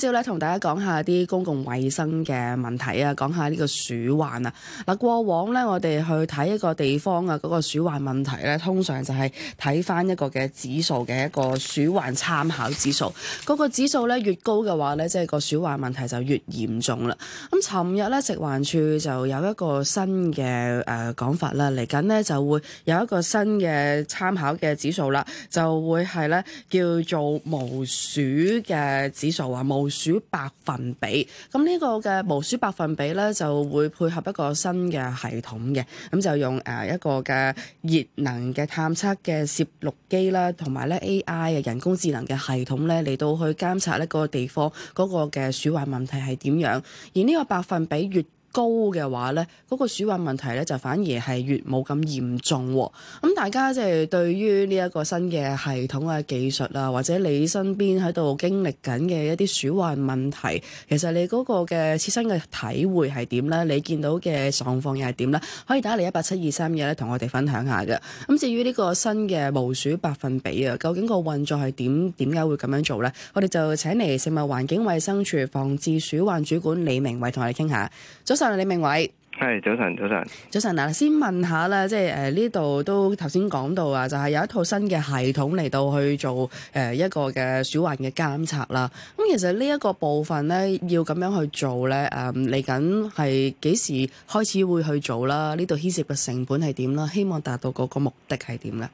今朝咧，同大家講下啲公共衛生嘅問題啊，講下呢個鼠患啊。嗱，過往咧，我哋去睇一個地方啊，嗰個鼠患問題咧，通常就係睇翻一個嘅指數嘅一個鼠患參考指數。嗰個指數咧越高嘅話咧，即係個鼠患問題就越嚴重啦。咁尋日咧，食環署就有一個新嘅誒講法啦，嚟緊呢，就會有一個新嘅參考嘅指數啦，就會係咧叫做無鼠嘅指數啊，無。鼠百分比，咁、這、呢個嘅無鼠百分比咧，就會配合一個新嘅系統嘅，咁就用誒一個嘅熱能嘅探測嘅攝錄機啦，同埋咧 AI 嘅人工智能嘅系統咧嚟到去監察呢嗰個地方嗰個嘅鼠患問題係點樣，而呢個百分比越高嘅話呢，嗰個鼠患問題呢，就反而係越冇咁嚴重。咁大家即係對於呢一個新嘅系統嘅技術啊，或者你身邊喺度經歷緊嘅一啲鼠患問題，其實你嗰個嘅切身嘅體會係點呢？你見到嘅狀況又係點呢？可以打嚟一八七二三二咧，同我哋分享下嘅。咁至於呢個新嘅無鼠百分比啊，究竟個運作係點？點解會咁樣做呢？我哋就請嚟食物環境衞生署防治鼠患主管李明偉同我哋傾下。早晨，李明偉，係早晨，早晨，早晨。嗱，先問一下咧，即係誒呢度都頭先講到啊，就係、是、有一套新嘅系統嚟到去做誒、呃、一個嘅鼠患嘅監測啦。咁、啊、其實呢一個部分咧，要咁樣去做咧，誒嚟緊係幾時開始會去做啦？呢度牽涉嘅成本係點啦？希望達到嗰個目的係點咧？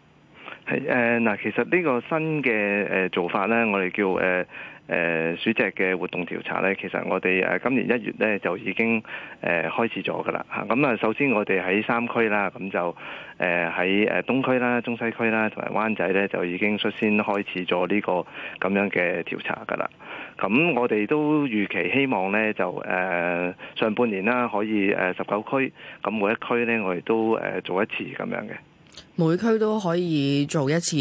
係誒嗱，其實呢個新嘅誒、呃、做法咧，我哋叫誒。呃誒鼠隻嘅活動調查咧，其實我哋誒今年一月咧就已經誒、呃、開始咗噶啦嚇。咁啊，首先我哋喺三區啦，咁就誒喺誒東區啦、中西區啦、同埋灣仔咧，就已經率先開始咗呢、這個咁樣嘅調查噶啦。咁、啊、我哋都預期希望咧，就誒、呃、上半年啦，可以誒十九區咁每一區咧，我哋都誒、呃、做一次咁樣嘅。每區都可以做一次，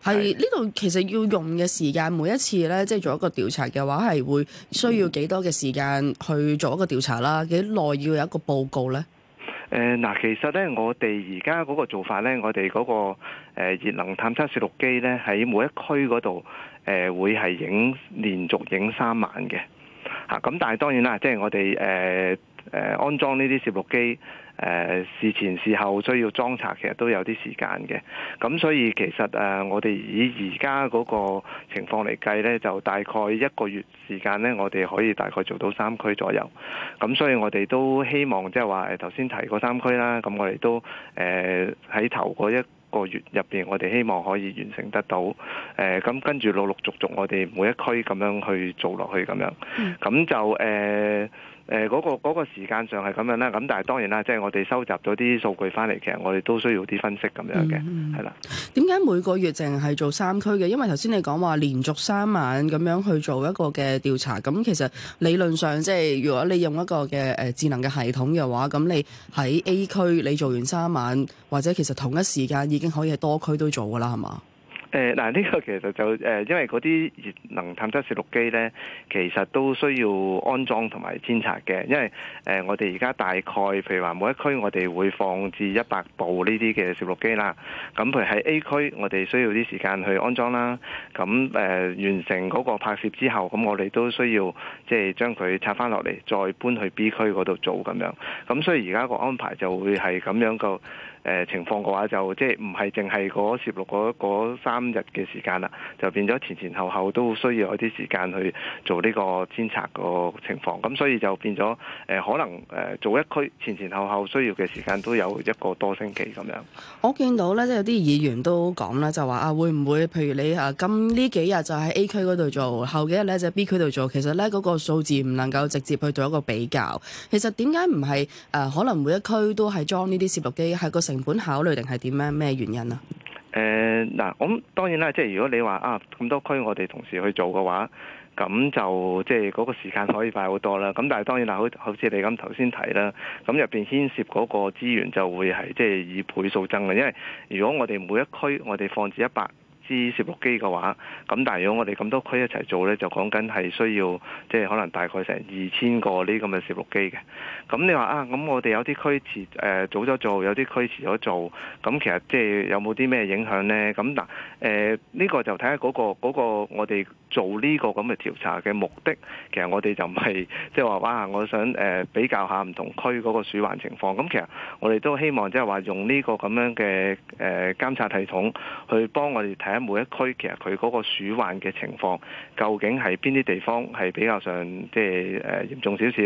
係呢度其實要用嘅時間，每一次呢，即係做一個調查嘅話，係會需要幾多嘅時間去做一個調查啦？幾耐、嗯、要有一個報告呢？誒，嗱，其實呢，我哋而家嗰個做法呢，我哋嗰個誒熱能探測攝錄機呢，喺每一區嗰度誒會係影連續影三晚嘅嚇。咁但係當然啦，即係我哋誒誒安裝呢啲攝錄機。誒事前事後需要裝拆，其實都有啲時間嘅。咁所以其實誒、啊，我哋以而家嗰個情況嚟計呢，就大概一個月時間呢，我哋可以大概做到三區左右。咁所以我哋都希望即係話頭先提過三區啦。咁我哋都誒喺、呃、頭嗰一個月入面，我哋希望可以完成得到。誒、呃、咁跟住陸陸續續，我哋每一區咁樣去做落去咁樣。咁、嗯、就誒。呃誒嗰、呃那個嗰、那個時間上係咁樣啦，咁但係當然啦，即、就、係、是、我哋收集咗啲數據翻嚟，其實我哋都需要啲分析咁樣嘅，係啦、嗯。點、嗯、解的每個月淨係做三區嘅？因為頭先你講話連續三晚咁樣去做一個嘅調查，咁其實理論上即係如果你用一個嘅誒智能嘅系統嘅話，咁你喺 A 區你做完三晚，或者其實同一時間已經可以喺多區都做㗎啦，係嘛？誒嗱，呢、呃這個其實就誒、呃，因為嗰啲熱能探測攝錄機呢，其實都需要安裝同埋遷拆嘅。因為誒、呃，我哋而家大概譬如話，每一區我哋會放置一百部呢啲嘅攝錄機啦。咁譬如喺 A 區，我哋需要啲時間去安裝啦。咁誒、呃，完成嗰個拍攝之後，咁我哋都需要即係將佢拆翻落嚟，再搬去 B 區嗰度做咁樣。咁所以而家個安排就會係咁樣個。誒、呃、情況嘅話，就即係唔係淨係嗰攝錄嗰三日嘅時間啦，就變咗前前後後都需要一啲時間去做呢個監察個情況。咁所以就變咗誒、呃，可能誒、呃、做一區前前後後需要嘅時間都有一個多星期咁樣。我見到呢，即係有啲議員都講啦，就話啊，會唔會譬如你啊，咁呢幾日就喺 A 區嗰度做，後幾日呢就喺 B 區度做？其實呢嗰、那個數字唔能夠直接去做一個比較。其實點解唔係誒？可能每一區都係裝呢啲攝錄機喺個成本考慮定係點咧？咩原因啊？誒嗱、呃，咁當然啦，即係如果你話啊咁多區，我哋同時去做嘅話，咁就即係嗰個時間可以快好多啦。咁但係當然啦，好好似你咁頭先提啦，咁入邊牽涉嗰個資源就會係即係以倍數增嘅，因為如果我哋每一區我哋放置一百啲攝錄機嘅話，咁但係如果我哋咁多區一齊做呢，就講緊係需要，即係可能大概成二千個呢咁嘅攝錄機嘅。咁你話啊，咁我哋有啲區遲誒早咗做，有啲區遲咗做，咁其實即係有冇啲咩影響呢？咁嗱誒呢個就睇下嗰個嗰個我哋做呢個咁嘅調查嘅目的。其實我哋就唔係即係話哇，我想誒比較下唔同區嗰個鼠患情況。咁其實我哋都希望即係話用呢個咁樣嘅誒監察系統去幫我哋睇。喺每一區，其實佢嗰個鼠患嘅情況，究竟係邊啲地方係比較上即係誒嚴重少少？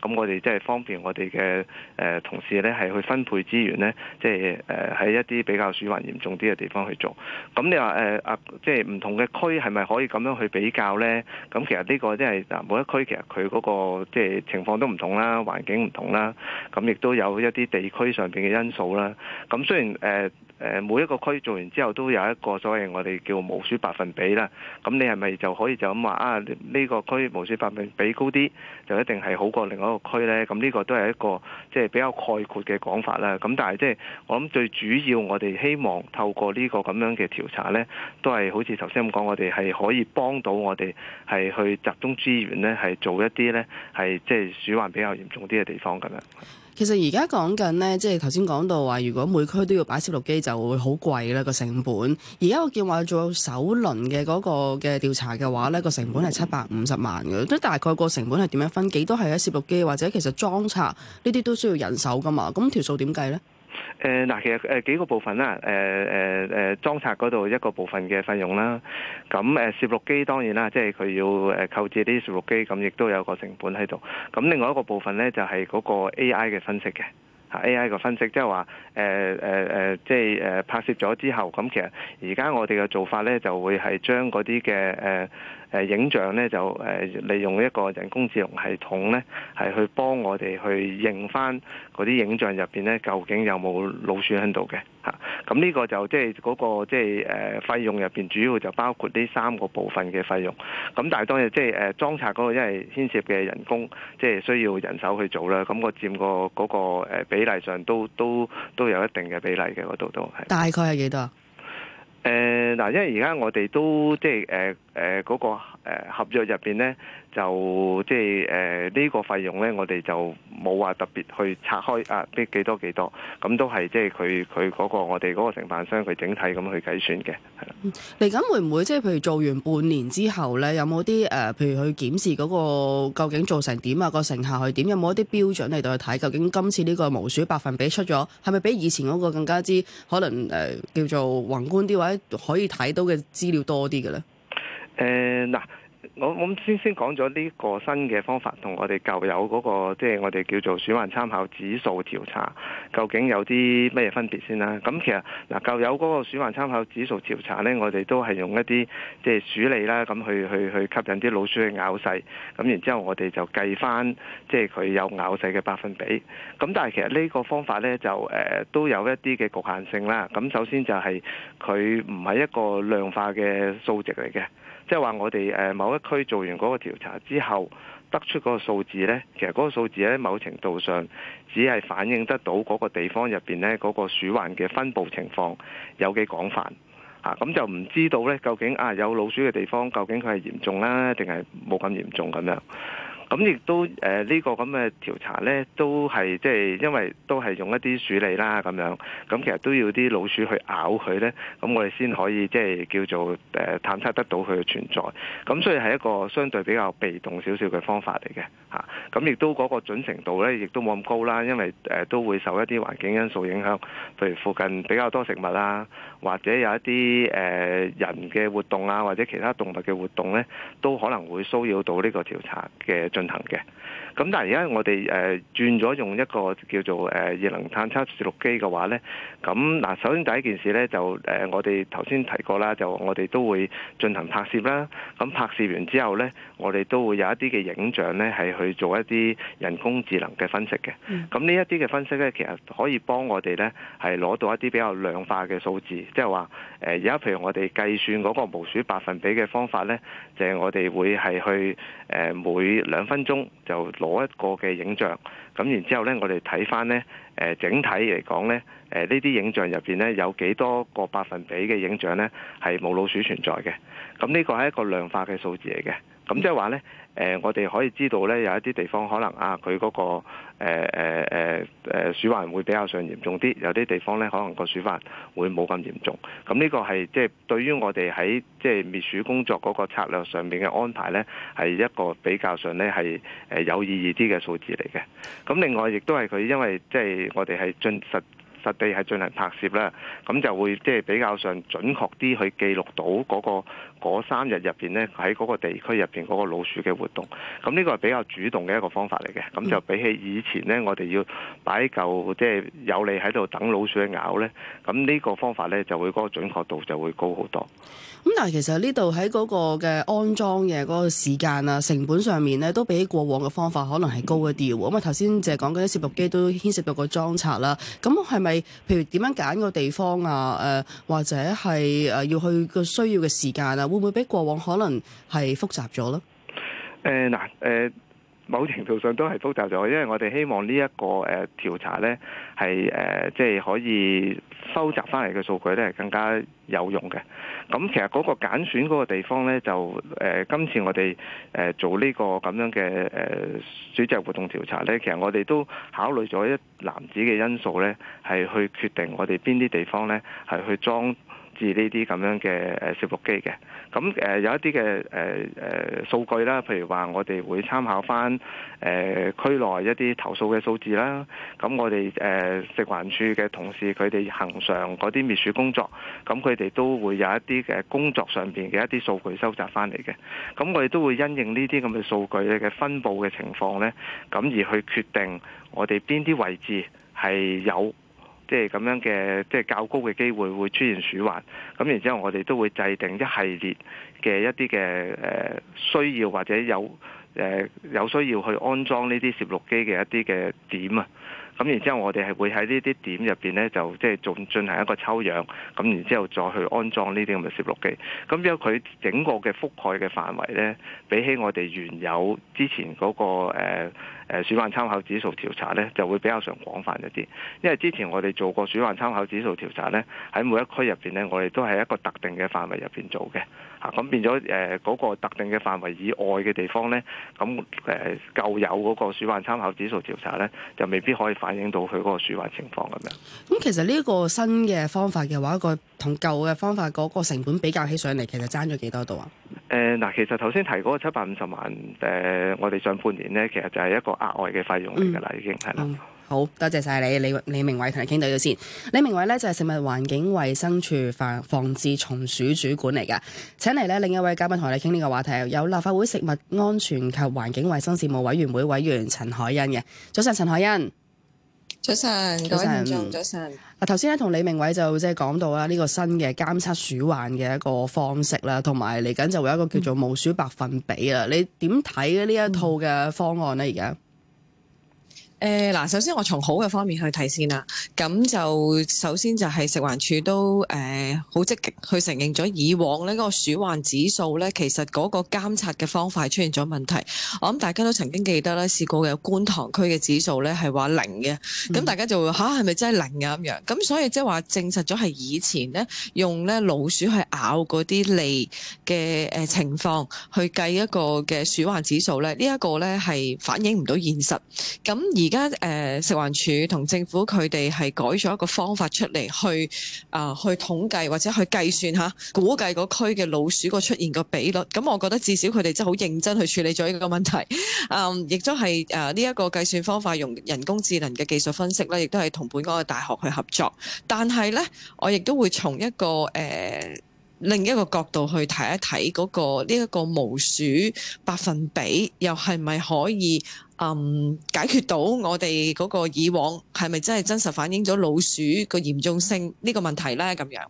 咁我哋即係方便我哋嘅誒同事咧，係去分配資源咧，即係誒喺一啲比較鼠患嚴重啲嘅地方去做。咁你話誒啊，即係唔同嘅區係咪可以咁樣去比較咧？咁其實呢個即係嗱，每一區其實佢嗰個即係情況都唔同啦，環境唔同啦，咁亦都有一啲地區上面嘅因素啦。咁雖然誒。誒每一個區做完之後都有一個所謂我哋叫無鼠百分比啦，咁你係咪就可以就咁話啊？呢個區無鼠百分比高啲，就一定係好過另外一個區呢？咁呢個都係一個即係比較概括嘅講法啦。咁但係即係我諗最主要，我哋希望透過呢個咁樣嘅調查呢，都係好似頭先咁講，我哋係可以幫到我哋係去集中資源呢，係做一啲呢係即係鼠患比較嚴重啲嘅地方咁樣。其實而家講緊呢，即係頭先講到話，如果每區都要擺攝錄機就會好貴啦個成本。而家我見話做首輪嘅嗰個嘅調查嘅話呢個成本係七百五十萬嘅，即大概個成本係點樣分？幾多係喺攝錄機，或者其實裝拆呢啲都需要人手噶嘛？咁條數點計呢？誒，嗱、呃，其實誒幾個部分啦，誒誒誒裝拆嗰度一個部分嘅費用啦，咁誒攝錄機當然啦，即係佢要誒購置啲攝錄機，咁亦都有個成本喺度。咁另外一個部分咧就係、是、嗰個 AI 嘅分析嘅吓，AI 個分析，即係話誒誒誒，即係誒拍攝咗之後，咁其實而家我哋嘅做法咧就會係將嗰啲嘅誒。呃誒影像咧就誒利用一個人工智能系統咧，係去幫我哋去認翻嗰啲影像入邊咧，究竟有冇老鼠喺度嘅嚇？咁呢個就即係嗰個即係誒費用入邊，主要就包括呢三個部分嘅費用。咁但係當然即係誒裝拆嗰個，因為牽涉嘅人工，即係需要人手去做啦。咁我佔個嗰個比例上都都都，都有一定嘅比例嘅，嗰度都係。大概係幾多？誒嗱、呃，因為而家我哋都即係誒。呃誒嗰、呃嗰個、呃、合約入邊咧，就即係誒呢個費用咧，我哋就冇話特別去拆開啊啲幾多幾多咁，多都係即係佢佢嗰個我哋嗰個承辦商佢整體咁去計算嘅。嚟緊會唔會即係譬如做完半年之後咧，有冇啲誒譬如去檢視嗰、嗰個究竟做成點啊？個成效係點？有冇一啲標準嚟到去睇？究竟今次呢個無鼠百分比出咗係咪比以前嗰個更加之可能誒、呃、叫做宏觀啲，或者可以睇到嘅資料多啲嘅咧？誒，嗱、呃，我我先先講咗呢個新嘅方法，同我哋舊有嗰、那個，即、就、係、是、我哋叫做鼠患參考指數調查，究竟有啲咩嘢分別先啦、啊？咁其實嗱，舊有嗰個鼠患參考指數調查呢，我哋都係用一啲即係鼠餌啦，咁去去去吸引啲老鼠去咬細，咁然之後我哋就計返即係佢有咬細嘅百分比。咁但係其實呢個方法呢，就誒、呃、都有一啲嘅局限性啦。咁首先就係佢唔係一個量化嘅數值嚟嘅。即係話我哋誒某一區做完嗰個調查之後，得出嗰個數字呢，其實嗰個數字喺某程度上只係反映得到嗰個地方入邊呢，嗰個鼠患嘅分布情況有幾廣泛嚇，咁、啊、就唔知道呢，究竟啊有老鼠嘅地方究竟佢係嚴重啦，定係冇咁嚴重咁樣。咁亦都誒呢個咁嘅調查咧，都係即係因為都係用一啲鼠類啦咁樣，咁其實都要啲老鼠去咬佢咧，咁我哋先可以即係叫做誒探測得到佢嘅存在。咁所以係一個相對比較被動少少嘅方法嚟嘅吓，咁亦都嗰個準程度咧，亦都冇咁高啦，因為誒都會受一啲環境因素影響，譬如附近比較多食物啊，或者有一啲誒人嘅活動啊，或者其他動物嘅活動咧，都可能會騷擾到呢個調查嘅進。行嘅，咁但係而家我哋誒轉咗用一個叫做誒熱能探測攝錄機嘅話咧，咁嗱首先第一件事咧，就誒我哋頭先提過啦，就我哋都會進行拍攝啦。咁拍攝完之後咧，我哋都會有一啲嘅影像咧，係去做一啲人工智能嘅分析嘅。咁呢一啲嘅分析咧，其實可以幫我哋咧係攞到一啲比較量化嘅數字，即係話誒，而家譬如我哋計算嗰個無鼠百分比嘅方法咧，就係，是，我哋會係去誒每兩分。分鐘就攞一個嘅影像，咁然之後咧，我哋睇翻咧，誒整體嚟講咧，誒呢啲影像入邊咧，有幾多個百分比嘅影像咧係冇老鼠存在嘅？咁呢個係一個量化嘅數字嚟嘅。咁即係話呢，誒、呃，我哋可以知道呢，有一啲地方可能啊，佢嗰、嗰個誒誒誒誒鼠患會比較上嚴重啲，有啲地方呢，可能個鼠患會冇咁嚴重。咁呢個係即係對於我哋喺即係滅鼠工作嗰個策略上面嘅安排呢，係一個比較上呢係誒有意義啲嘅數字嚟嘅。咁另外亦都係佢因為即係我哋係進實。實地係進行拍攝啦，咁就會即係比較上準確啲去記錄到嗰、嗰個嗰三日入邊呢，喺嗰個地區入邊嗰個老鼠嘅活動。咁呢個係比較主動嘅一個方法嚟嘅，咁就比起以前呢，我哋要擺嚿即係有你喺度等老鼠去咬呢。咁呢個方法呢，就會嗰個準確度就會高好多。咁、嗯、但係其實呢度喺嗰個嘅安裝嘅嗰個時間啊、成本上面呢，都比過往嘅方法可能係高一啲嘅喎。因為頭先就係講緊啲攝錄機都牽涉到個裝拆啦，咁係咪？譬如點樣揀個地方啊？誒、呃、或者係誒要去個需要嘅時間啊？會唔會比過往可能係複雜咗咯？誒嗱誒。呃某程度上都係複雜咗，因為我哋希望呢、這、一個誒調查呢，係誒即係可以收集翻嚟嘅數據呢，係更加有用嘅。咁其實嗰個揀選嗰個地方呢，就誒、呃、今次我哋誒、呃、做呢、這個咁樣嘅誒、呃、選址活動調查呢，其實我哋都考慮咗一籃子嘅因素呢，係去決定我哋邊啲地方呢，係去裝。至呢啲咁樣嘅誒攝錄機嘅，咁誒、呃、有一啲嘅誒誒數據啦，譬如話我哋會參考翻誒、呃、區內一啲投訴嘅數字啦，咁我哋誒、呃、食環署嘅同事佢哋行常嗰啲滅鼠工作，咁佢哋都會有一啲嘅工作上邊嘅一啲數據收集翻嚟嘅，咁我哋都會因應呢啲咁嘅數據咧嘅分佈嘅情況咧，咁而去決定我哋邊啲位置係有。即係咁樣嘅，即係較高嘅機會會出現鼠患。咁然之後，我哋都會制定一系列嘅一啲嘅誒需要或者有誒、呃、有需要去安裝呢啲攝錄機嘅一啲嘅點啊。咁然之後，我哋係會喺呢啲點入邊呢，就即係進進行一個抽樣。咁然之後，再去安裝呢啲咁嘅攝錄機。咁因為佢整個嘅覆蓋嘅範圍呢，比起我哋原有之前嗰個、呃誒鼠患參考指數調查咧，就會比較上廣泛一啲，因為之前我哋做過鼠患參考指數調查咧，喺每一區入面，咧，我哋都係一個特定嘅範圍入面做嘅。咁變咗嗰個特定嘅範圍以外嘅地方咧，咁誒舊有嗰個鼠患參考指數調查咧，就未必可以反映到佢嗰個鼠患情況咁樣。咁其實呢個新嘅方法嘅話，同舊嘅方法嗰個成本比較起上嚟，其實爭咗幾多少度啊？誒嗱、呃，其實頭先提嗰個七百五十萬，誒、呃、我哋上半年呢，其實就係一個額外嘅費用嚟噶啦，已經係啦。好多謝晒你李李明偉同你傾到咗先。李明偉呢，就係、是、食物環境衞生署防防治蟲鼠主管嚟嘅。請嚟呢，另一位嘉賓同我哋傾呢個話題，有立法會食物安全及環境衞生事務委員會委員,委員陳凱欣嘅。早上，陳凱欣。早晨，凱欣早晨。嗱，早晨，頭先咧同李明偉就即係講到啦，呢個新嘅監測鼠患嘅一個方式啦，同埋嚟緊就會有一個叫做無鼠百分比啊，嗯、你點睇呢一套嘅方案咧？而家？誒嗱，首先我從好嘅方面去睇先啦。咁就首先就係食環署都誒好、呃、積極去承認咗以往呢個個鼠患指數呢，其實嗰個監察嘅方法出現咗問題。我諗大家都曾經記得啦，試過有觀塘區嘅指數呢係話零嘅，咁、嗯、大家就會嚇係咪真係零啊咁樣咁所以即係話證實咗係以前呢用呢老鼠去咬嗰啲脷嘅情況去計一個嘅鼠患指數呢。呢、這、一個呢係反映唔到現實。咁而而家誒食環署同政府佢哋係改咗一個方法出嚟，去、呃、啊去統計或者去計算下估計個區嘅老鼠個出現個比率。咁我覺得至少佢哋真係好認真去處理咗呢個問題。嗯，亦都係誒呢一個計算方法用人工智能嘅技術分析咧，亦都係同本港嘅大學去合作。但係呢，我亦都會從一個誒、呃、另一個角度去睇一睇嗰、那個呢一、這個無鼠百分比，又係咪可以？嗯，解決到我哋嗰個以往係咪真係真實反映咗老鼠個嚴重性呢個問題咧？咁樣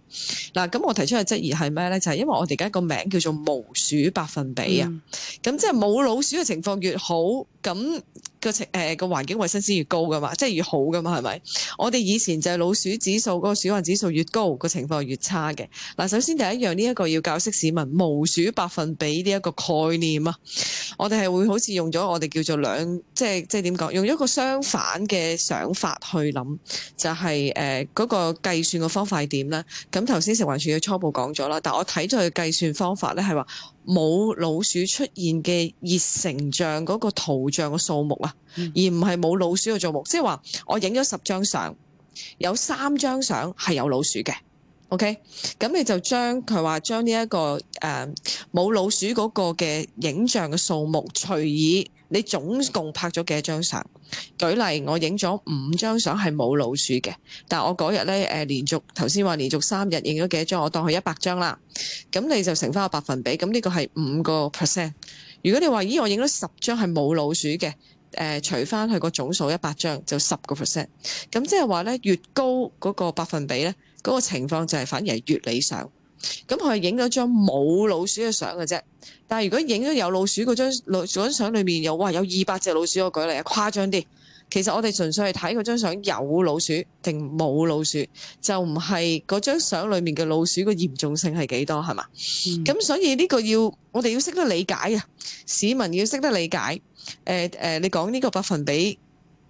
嗱，咁我提出嘅質疑係咩咧？就係、係、因為我哋而家個名叫做無鼠百分比啊，咁即係冇老鼠嘅情況越好，咁、嗰個情、呃、環境衞生先越高噶嘛，即係越好噶嘛，係咪？我哋以前就係老鼠指數嗰、嗰個鼠患指數越高，嗰個情況越差嘅。嗱，首先第一樣呢一、呢個要教識市民無鼠百分比呢一個概念啊，我哋係會好似用咗我哋叫做兩。嗯、即係即係點講？用一個相反嘅想法去諗，就係誒嗰個計算嘅方法係點呢？咁頭先食環署嘅初步講咗啦，但我睇咗佢計算方法咧係話冇老鼠出現嘅熱成像嗰個圖像嘅數目啊，嗯、而唔係冇老鼠嘅數目，即係話我影咗十張相，有三張相係有老鼠嘅。OK，咁你就將佢話將呢一個誒冇、呃、老鼠嗰個嘅影像嘅數目除以。你總共拍咗幾張相？舉例，我影咗五張相係冇老鼠嘅，但我嗰日咧誒連續頭先話連續三日影咗幾張，我當佢一百張啦。咁你就乘翻個百分比，咁呢個係五個 percent。如果你話咦，我影咗十張係冇老鼠嘅，除翻佢個總數一百張就十個 percent。咁即係話咧，越高嗰個百分比咧，嗰個情況就係反而越理想。咁佢係影咗張冇老鼠嘅相嘅啫，但係如果影咗有老鼠嗰張老張相裏面有，哇有二百隻老鼠，我舉例啊，誇張啲，其實我哋純粹係睇嗰張相有老鼠定冇老鼠，就唔係嗰張相裏面嘅老鼠個嚴重性係幾多係嘛？咁、嗯、所以呢個要我哋要識得理解啊，市民要識得理解，誒、呃、誒、呃，你講呢個百分比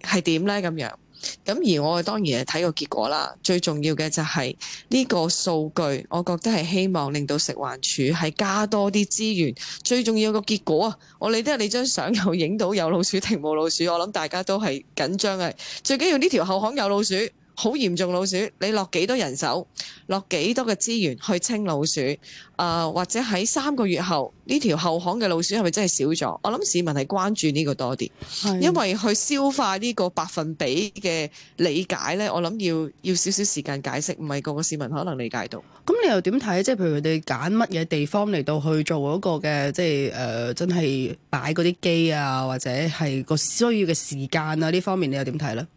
係點咧咁樣呢？咁而我哋當然係睇個結果啦，最重要嘅就係呢個數據，我覺得係希望令到食環署係加多啲資源。最重要個結果啊，我理得你張相又影到有老鼠定冇老鼠，我諗大家都係緊張嘅。最緊要呢條後巷有老鼠。好嚴重老鼠，你落幾多人手，落幾多嘅資源去清老鼠？啊、呃，或者喺三個月後，呢條後巷嘅老鼠係咪真係少咗？我諗市民係關注呢個多啲，是因為去消化呢個百分比嘅理解呢，我諗要要少少時間解釋，唔係個個市民可能理解到。咁你又點睇？即係譬如你揀乜嘢地方嚟到去做嗰個嘅，即係誒、呃、真係擺嗰啲機啊，或者係個需要嘅時間啊呢方面，你又點睇呢？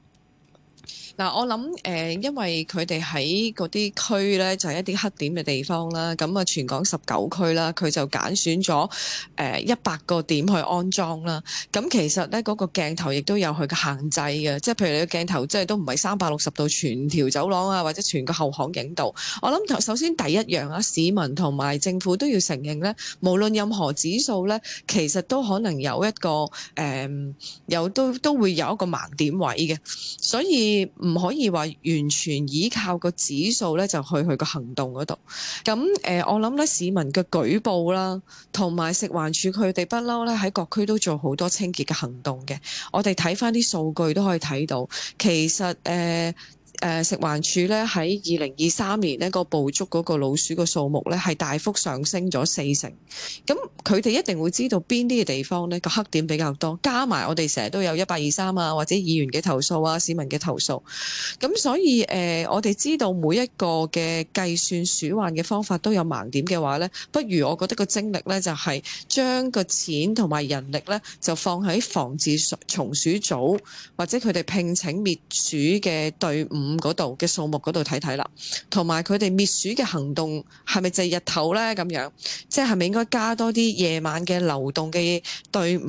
嗱、啊，我諗誒、呃，因為佢哋喺嗰啲區咧，就係、是、一啲黑點嘅地方啦。咁啊，全港十九區啦，佢就揀選咗誒一百個點去安裝啦。咁其實咧，嗰、那個鏡頭亦都有佢嘅限制嘅，即係譬如你個鏡頭即係都唔係三百六十度全條走廊啊，或者全個後巷影到。我諗首先第一樣啊，市民同埋政府都要承認咧，無論任何指數咧，其實都可能有一個誒、呃，有都都會有一個盲點位嘅，所以。唔可以話完全依靠個指數咧，就去去個行動嗰度。咁誒、呃，我諗咧，市民嘅舉報啦，同埋食環署佢哋不嬲咧喺各區都做好多清潔嘅行動嘅。我哋睇翻啲數據都可以睇到，其實誒。呃誒、呃、食環署咧喺二零二三年咧個捕捉，嗰個老鼠嘅數目咧係大幅上升咗四成，咁佢哋一定會知道邊啲嘅地方咧個黑點比較多，加埋我哋成日都有一八二三啊，或者議員嘅投訴啊，市民嘅投訴，咁所以誒、呃、我哋知道每一個嘅計算鼠患嘅方法都有盲點嘅話咧，不如我覺得個精力咧就係、是、將個錢同埋人力咧就放喺防治蟲鼠組或者佢哋聘請滅鼠嘅隊伍。五嗰度嘅數目嗰度睇睇啦，同埋佢哋滅鼠嘅行動係咪就係日頭咧咁樣？即係係咪應該加多啲夜晚嘅流動嘅隊伍？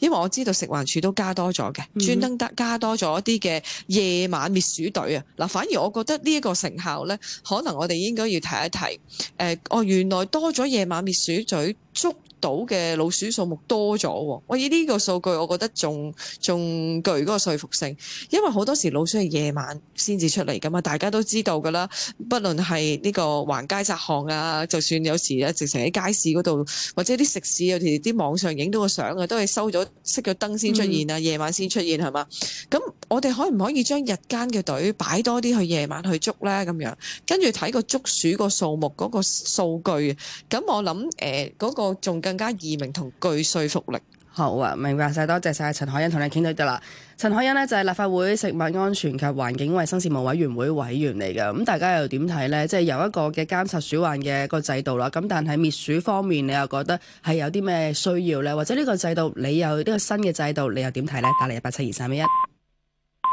因為我知道食環署都加多咗嘅，專登加加多咗一啲嘅夜晚滅鼠隊啊！嗱、嗯，反而我覺得呢一個成效咧，可能我哋應該要提一提。誒、呃，哦，原來多咗夜晚滅鼠隊捉。到嘅老鼠數目多咗喎，我以呢個數據，我覺得仲仲具嗰個說服性，因為好多時老鼠係夜晚先至出嚟噶嘛，大家都知道噶啦。不論係呢個橫街窄巷啊，就算有時啊，直情喺街市嗰度，或者啲食肆，啊，或者啲網上影到個相啊，都係收咗熄咗燈先出現啊，嗯、夜晚先出現係嘛？咁我哋可唔可以將日間嘅隊擺多啲去夜晚去捉咧？咁樣跟住睇個捉鼠個數目嗰、嗰個數據，咁我諗誒嗰個仲緊。更加易明同具說服力。好啊，明白晒，多謝晒陳凱欣同你傾到依度啦。陳凱欣呢，就係、是、立法會食物安全及環境衞生事務委員會委員嚟嘅。咁、嗯、大家又點睇呢？即係有一個嘅監察鼠患嘅個制度啦。咁但係滅鼠方面，你又覺得係有啲咩需要呢？或者呢個制度，你有呢個新嘅制度，你又點睇呢？打嚟一八七二三一一。